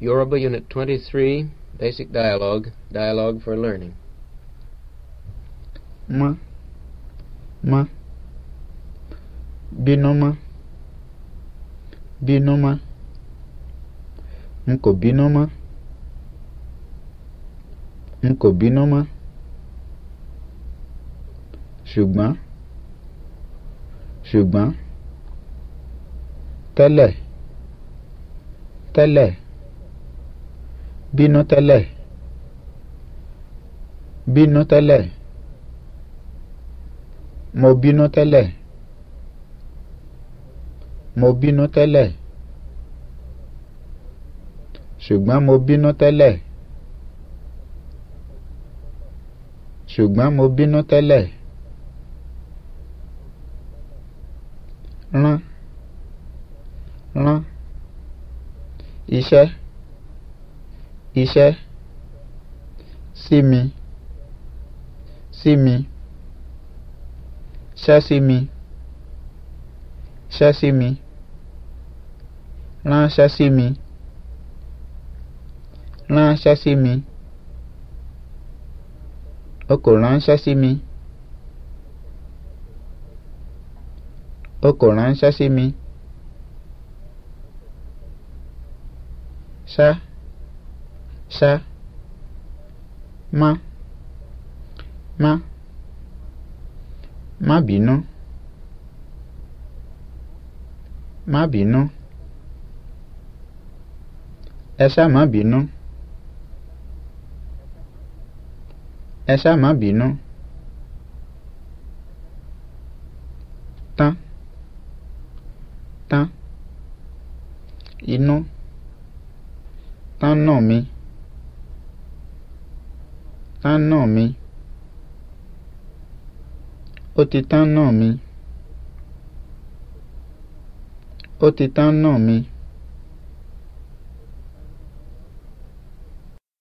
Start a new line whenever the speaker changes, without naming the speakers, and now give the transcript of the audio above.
Yoruba Unit 23, Basic Dialogue, Dialogue for Learning. Ma, ma, binoma, binoma, nko binoma, nko binoma, Shugba. Shugba. tẹ́lẹ̀, tẹ́lẹ̀. bínú tẹ́lẹ̀ bínú tẹ́lẹ̀ mo bínú tẹ́lẹ̀ mo bínú tẹ́lẹ̀ ṣùgbọ́n mo bínú tẹ́lẹ̀ ṣùgbọ́n mo bínú tẹ́lẹ̀ rán rán iṣẹ́ iṣẹ́ sí mi sí mi ṣẹ́ sí mi ṣẹ́ sí mi ránṣẹ́ sí mi ránṣẹ́ sí mi o kò ránṣẹ́ sí mi o kò ránṣẹ́ sí mi ṣá sa ma, ma má bínú má bínú ẹ ma má bínú ẹ ṣá má bínú tán tán inú tán náà mi tán nà mí ó ti tán nà ó ti tán nà